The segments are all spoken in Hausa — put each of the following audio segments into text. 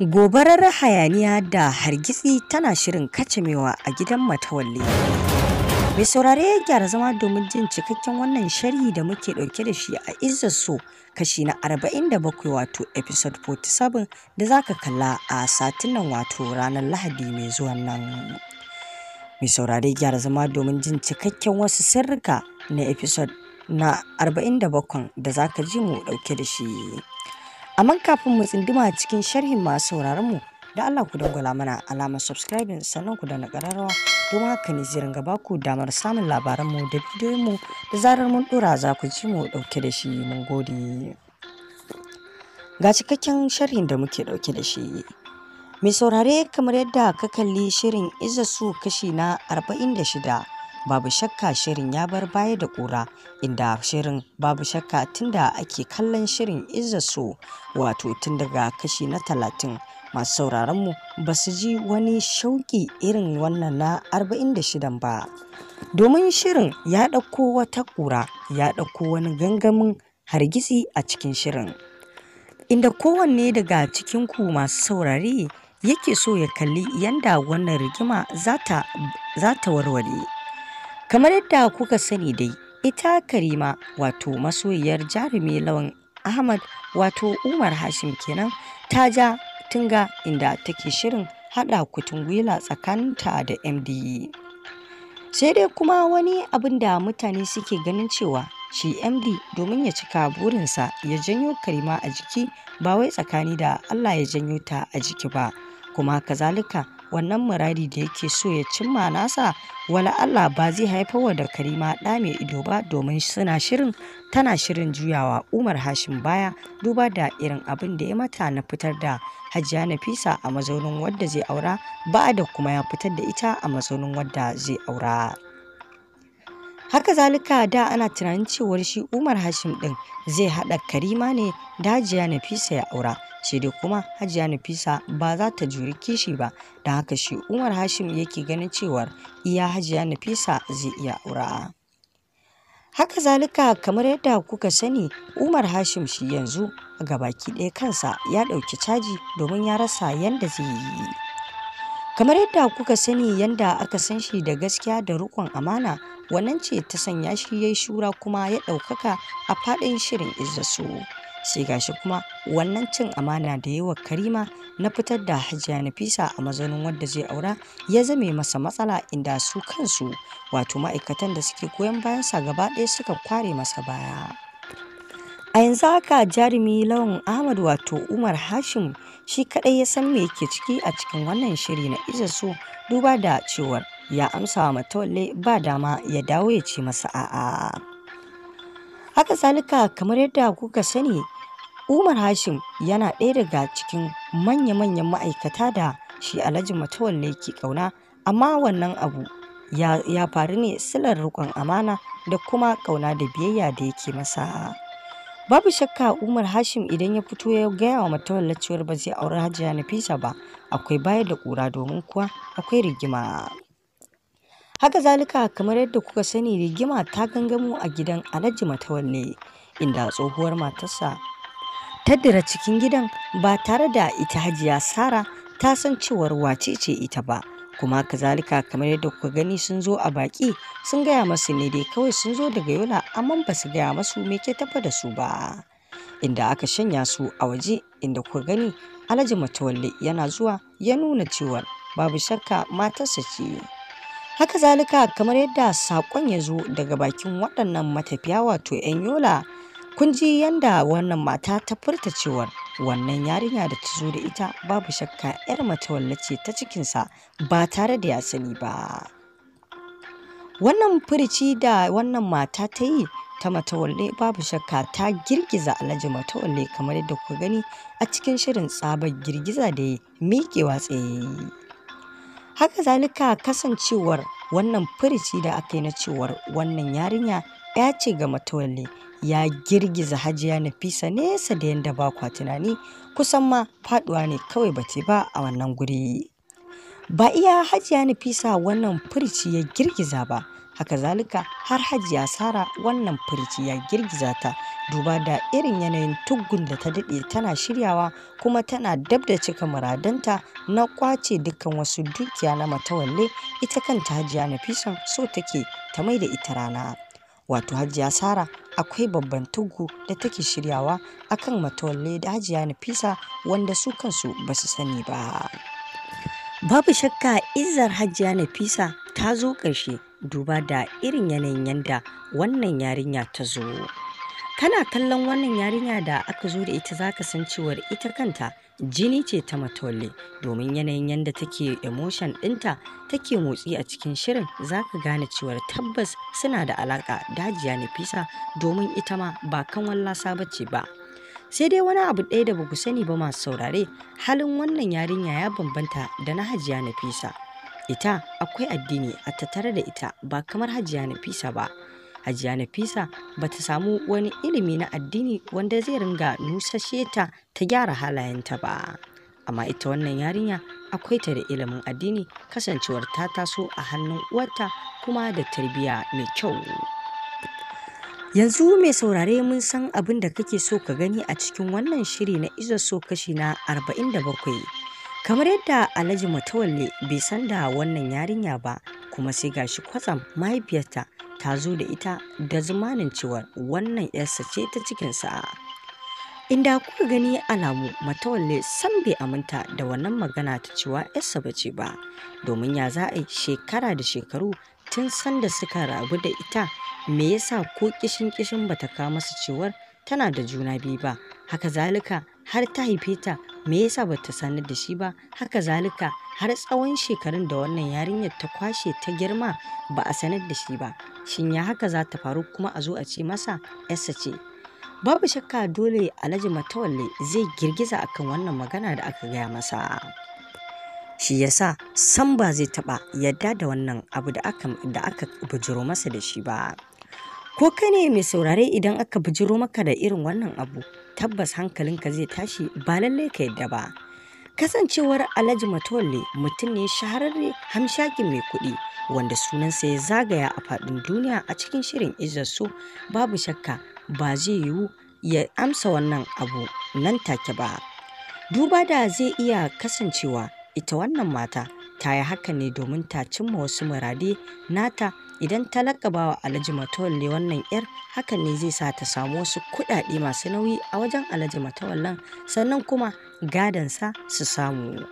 Gobarar hayaniya da hargitsi tana shirin kacamewa a gidan Matawalle. Mai saurare gyara zama domin jin cikakken wannan sharhi da muke ɗauke da shi a Izzar So kashi na 47 wato episode 47 da za ka kalla a satin nan wato ranar Lahadi mai zuwan nan. Mai saurare gyara zama domin jin cikakken wasu sirrika na episode na 47 da za ka ji mu ɗauke da shi. Amma kafin mu tsinduma cikin sharhin masu sauraron mu da Allah ku dangwala mana alamar subscribing sannan ku na ƙararrawa don haka ne gaba ku baku damar samun labaran mu da bidiyoyin mu da zarar mun dora za ku ji mu dauke da shi mun gode. Ga cikakken sharhin da muke dauke da shi. Mai saurare kamar yadda ka kalli shirin Izasu kashi na 46 babu shakka shirin ya bar baya da ƙura inda shirin babu shakka tunda ake kallon shirin izza wato tun daga kashi na talatin masu sauraron mu ba su ji wani shauƙi irin wannan na 46 ba domin shirin ya ɗauko wata ƙura ya ɗauko wani gangamin hargitsi a cikin shirin inda kowanne daga cikin ku masu saurari yake so ya kalli yanda wannan rigima za ta warware kamar yadda kuka sani dai ita karima wato masoyiyar jarumi lawan ahmad wato umar hashim kenan ta ja tunga inda take shirin hada kutun gwila tsakaninta da md e. sai dai kuma wani abin da mutane suke ganin cewa shi md e domin ya cika burinsa ya janyo karima a jiki ba wai tsakani da allah ya janyo ta a jiki ba kuma kazalika wannan muradi da yake so ya cimma nasa wala Allah ba zai haifar wa da Karima ɗa mai ido ba domin suna shirin tana shirin juyawa Umar Hashim baya duba da irin abin da ya mata na fitar da Hajiya Nafisa a mazaunin wadda zai aura ba da kuma ya fitar da ita a mazaunin wadda zai aura. haka zalika da ana tunanin cewar shi umar hashim din zai hada karima ne da hajiya nafisa ya aura sai dai kuma hajiya nafisa ba za ta juri kishi ba da haka shi umar hashim yake ganin cewar iya hajiya nafisa zai iya aura haka zalika kamar yadda kuka sani umar hashim shi yanzu ga baki ɗaya kansa ya ɗauki caji domin ya rasa yadda zai yi kamar yadda kuka sani yadda aka san shi da gaskiya da rukun amana Wannan ce ta sanya shi ya yi shura kuma ya ɗaukaka a faɗin shirin Izza Su. Sai gashi kuma wannan cin amana da yawa Karima na fitar da Hajiya Nafisa a mazanin wanda zai aura ya zame masa matsala inda su kansu wato ma'aikatan da suke goyon sa gaba ɗaya suka kware masa baya. A yanzu haka jarumi lawan Ahmad wato Umar Hashim shi kaɗai ya san me yake ciki a cikin wannan shiri na Iza duba da cewar ya amsa wa matawalle ba dama ya dawo ya ce masa a'a haka zalika kamar yadda kuka sani umar hashim yana ɗaya daga cikin manya-manyan ma'aikata da shi alhaji matawalle ke ƙauna amma wannan abu ya, faru ne silar riƙon amana da kuma ƙauna da biyayya da yake masa babu shakka umar hashim idan ya fito ya gaya wa matawalle cewar ba zai auri hajiya na fisa ba akwai bayar da ƙura domin kuwa akwai rigima Haka zalika kamar yadda kuka sani rigima ta gangamo a gidan Alhaji Matawalle inda tsohuwar matarsa ta dira cikin gidan ba tare da ita Hajiya Sara ta san cewar wace ce ita ba. kuma kazalika kamar yadda kuka gani sun zo a baki sun gaya masu ne dai kawai sun zo daga yola amma ba su gaya masu me ke tafa da su ba inda aka shanya su a waje inda kuka gani alhaji matawalle yana zuwa ya nuna cewar babu shakka matarsa ce haka zalika kamar yadda sakon ya zo daga bakin waɗannan matafiya wato 'yan yola kun ji yadda wannan mata ta furta cewar wannan yarinya da ta zo da ita babu shakka 'yar mace wallace ta cikinsa ba tare da ya sani ba wannan furici da wannan mata ta yi ta matawalle babu shakka ta girgiza alhaji matawalle kamar yadda kuka gani a cikin shirin tsabar girgiza da ya miƙewa tsaye haka zalika kasancewar wannan firici da aka yi na cewar wannan yarinya ya ce ga matawalli ya girgiza hajiya nafisa nesa da yadda ba kwa tunani kusan ma faduwa ne kawai bace ba a wannan guri ba iya hajiya nafisa wannan firici ya girgiza ba haka zalika har hajiya sara wannan furci ya girgiza ta duba da irin yanayin tuggun da ta daɗe tana shiryawa kuma tana dab da cika muradanta na kwace dukkan wasu dukiya na matawalle ita kanta hajiya nafisan so take ta mai da ita rana wato hajiya sara akwai babban tuggu da take shiryawa akan matawalle da hajiya nafisa wanda su kansu ba su sani ba babu shakka izar hajiya nafisa ta zo ƙarshe duba da irin yanayin yanda wannan yarinya ta zo kana kallon wannan yarinya da aka zo da ita zaka san cewar ita kanta jini ce ta matole domin yanayin yanda take emotion ɗinta take motsi a cikin shirin zaka gane cewar tabbas suna da alaka dajiya nafisa domin ita ma ba kan wallasa bace ba sai dai wani abu ɗaya da ba ku sani ba masu saurare halin wannan yarinya ya bambanta da na hajiya nafisa ita akwai addini a tattare da ita ba kamar hajiya nafisa ba hajiya nafisa ba ta samu wani ilimi na addini wanda zai ringa nusashe ta ta gyara halayenta ba amma ita wannan yarinya akwai ta da ilimin addini kasancewar ta taso a hannun uwarta kuma da tarbiyya mai kyau yanzu mai saurare mun san abin da kake so ka gani a cikin wannan shiri na izo so kashi na 47 kamar yadda alhaji matawalle bai san da wannan yarinya ba kuma sai gashi kwatsam mahaifiyarta ta zo da ita da zumanin cewar wannan yarsa ce ta cikin cikinsa inda kuka gani alamu matawalle san bai aminta da wannan magana ta cewa yarsa ba ce ba domin ya za a yi shekara da shekaru tun sanda suka rabu da ita me yasa ko kishin kishin bata kawo masa cewar tana da juna biyu ba haka zalika har ta haife ta me yasa ta sanar da shi ba haka zalika har tsawon shekarun da wannan yarinyar ta kwashe ta girma ba a sanar da shi ba shin ya haka za ta faru kuma a zo a ce masa Yasa ce babu shakka dole alhaji matawalle zai girgiza akan wannan magana da aka gaya masa shi yasa san ba zai taba yadda da wannan abu da aka bujiro masa da shi ba Ko ka ne mai saurare idan aka bijiro maka da irin wannan abu, tabbas hankalinka zai tashi ba lallai ka yadda ba. Kasancewar Alhaji Matole, mutum ne shahararre hamshakin mai kuɗi wanda sunansa ya zagaya a faɗin duniya a cikin shirin Izarsu babu shakka ba zai yiwu ya amsa wannan abu nan take ba. Duba da zai iya kasancewa ita wannan mata ta yi haka ne domin ta cimma wasu muradi nata idan ta lakaba wa alhaji matawalle wannan yar hakan ne zai sa ta samu wasu kuɗaɗe masu nauyi a wajen alhaji matawallan sannan kuma gadansa su samu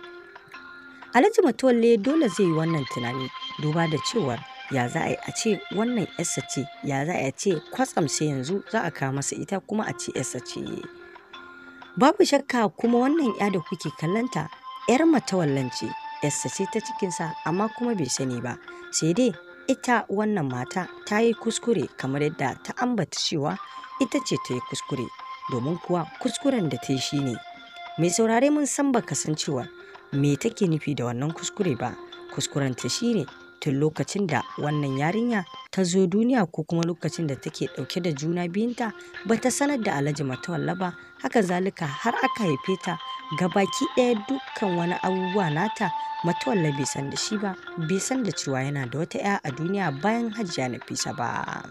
alhaji matawalle dole zai yi wannan tunani duba da cewar ya za a yi a ce wannan yarsa ce ya za a ce kwatsam sai yanzu za a kawo masa ita kuma a ce yarsa ce babu shakka kuma wannan ya da kuke kallanta yar matawallan ce yassa ce ta cikinsa amma kuma bai sani ba sai dai ita wannan mata ta yi kuskure kamar yadda ta ambata cewa ita ce ta yi kuskure domin kuwa kuskuren da ta yi shi ne mai saurare mun san ba cewa me take nufi da wannan kuskure ba kuskuren ta shi ne tun lokacin da wannan yarinya ta zo duniya ko kuma lokacin da take dauke da juna biyunta ba ta sanar da alhaji matawalla ba haka zalika har aka haife ta gabaki ɗaya dukkan wani abubuwa nata matawalla bai san da shi ba bai san da cewa yana da wata 'ya a duniya bayan hajjiya nafisa ba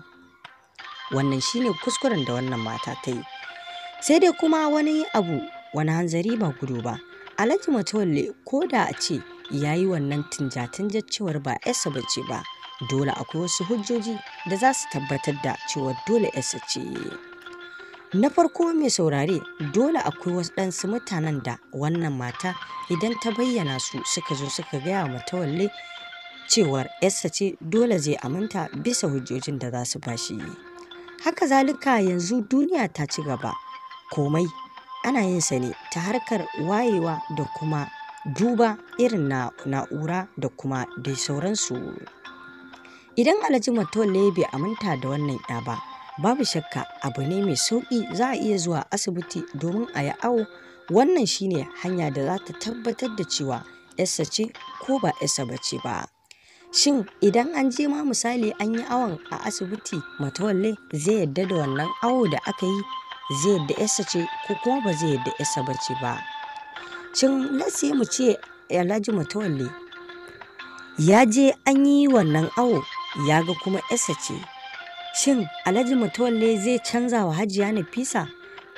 wannan shine kuskuren da wannan mata ta yi sai dai kuma wani abu wani hanzari ba gudu ba alhaji matawalle ko da a ce ya yi wannan tinja-tinja cewar ba yasa ce ba dole akwai wasu hujjoji da za su tabbatar da cewa dole yasa ce Na farko mai saurare dole akwai wasu ɗansu mutanen da wannan mata idan ta bayyana su suka zo suka gaya wa matawalle cewar ‘yarsa ce dole zai aminta bisa hujjojin da za su ba shi. Haka zalika yanzu duniya ta ci gaba komai ana yin sa ne ta harkar wayewa da kuma duba irin na na'ura da kuma dai sauransu. Idan Alhaji Matawalle bai aminta da wannan ‘ya ba babu shakka abu ne mai sauƙi za a iya zuwa asibiti domin a yi awo wannan shine hanya da za ta tabbatar da cewa yasa ce ko ba yasa ba ce ba shin idan an je ma misali an yi awon a asibiti matawalle zai yadda da wannan awo da aka yi zai yadda yasa ce ko kuma ba zai yadda yasa ba ce ba shin lasi mu ce alhaji matawalle ya je an yi wannan awo ya ga kuma yasa ce Shin Alhaji Mutuwalle zai canza wa Hajiya Nafisa?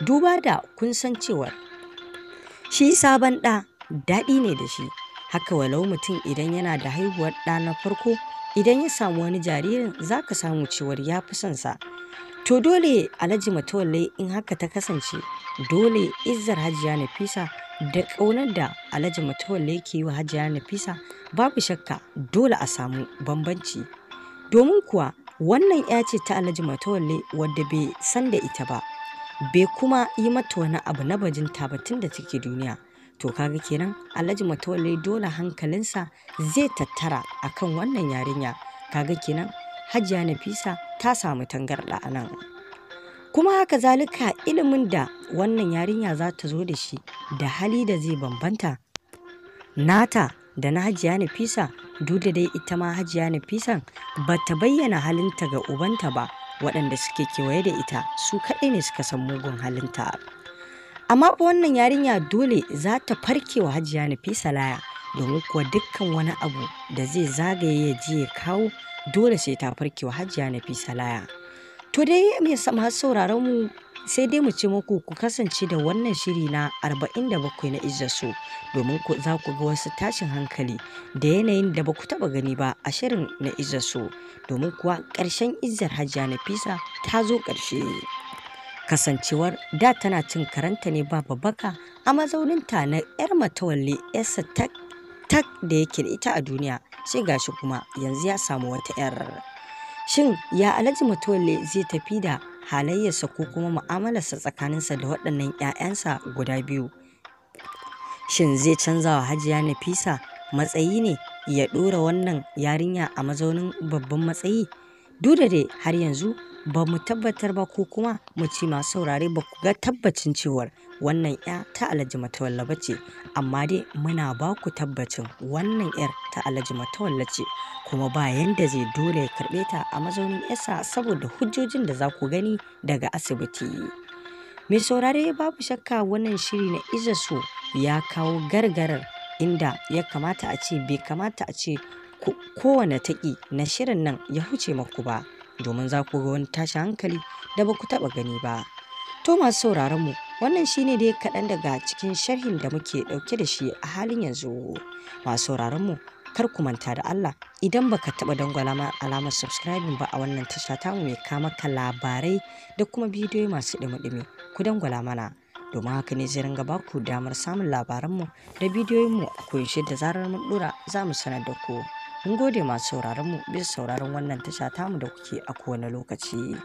Duba da kun san cewar shi sabon ɗa daɗi ne da shi. Haka walau mutum idan yana da haihuwar ɗa na farko idan ya samu wani jaririn za ka samu cewar ya fi son sa. To dole Alhaji mutuwalle in haka ta kasance dole izzar Hajiya Nafisa da ƙaunar da Alhaji mutuwalle ke yi wa Hajiya Nafisa babu shakka dole a samu bambanci. Domin kuwa wannan ya ce ta alhaji matawalle wadda bai san da ita ba bai kuma yi mata wani abu na bajin ba da take duniya to kaga kenan alhaji matawalle dole hankalinsa zai tattara akan wannan yarinya kaga kenan hajiya nafisa ta samu tangarɗa a nan kuma haka zalika ilimin da wannan yarinya za ta zo da shi da hali da zai bambanta nata da na hajiya nafisa duk da dai ita ma hajiya nafisan ba ta bayyana halinta ga ubanta ba waɗanda suke kewaye da ita su kaɗai ne suka san mugun halinta amma fa wannan yarinya dole za ta farke wa hajiya nafisa laya domin kuwa dukkan wani abu da zai zagaye ya je ya kawo dole sai ta farke wa hajiya nafisa laya to dai mai sama sauraron mu sai dai mu ce muku ku kasance da wannan shiri na 47 na Izzasu domin ku za ku ga wasu tashin hankali da yanayin da ba ku taba gani ba a shirin na Izzasu domin kuwa ƙarshen Izzar na fisa ta zo ƙarshe. Kasancewar da tana cin karanta ne ba babbaka a mazauninta na 'yar matawalle yasa tak tak da yake da ita a duniya sai shi kuma yanzu ya samu wata 'yar. Shin ya Alhaji Matawalle zai tafi da halayyarsa ko kuma mu'amalarsa tsakaninsa da waɗannan 'ya'yansa guda biyu shin zai canza wa hajiya nafisa matsayi ne ya ɗora wannan yarinya a mazaunin babban matsayi duk da dai har yanzu ba mu tabbatar ba ko kuma mu ce masu saurare ba ku ga tabbacin cewar wannan 'ya ta alhaji matawalla ba ce amma dai muna ba ku tabbacin wannan 'yar ta alhaji matawalla ce kuma ba yanda zai dole ya karɓe ta a mazaunin yasa saboda hujjojin da za ku gani daga asibiti mai saurare babu shakka wannan shiri na izaso ya kawo gargarar inda ya kamata a ce bai kamata a ce kowane taƙi na shirin nan ya huce maku ba domin za ku ga wani tashin hankali da ba ku taɓa gani ba. To masu sauraron mu wannan shine dai kaɗan daga cikin sharhin da muke ɗauke da shi a halin yanzu. Masu sauraron mu kar ku manta da Allah idan ba ka taɓa dangwala alamar subscribing ba a wannan tasha tamu mai kama ka labarai da kuma bidiyo masu ɗumi-ɗumi ku dangwala mana. domin haka ne zai ringa baku damar samun labaranmu da bidiyoyinmu a koyaushe da zarar mun ɗora za mu sanar da ku. Mun gode masu sauraron mu bisa sauraron wannan tasha tamu da kuke a kowane lokaci.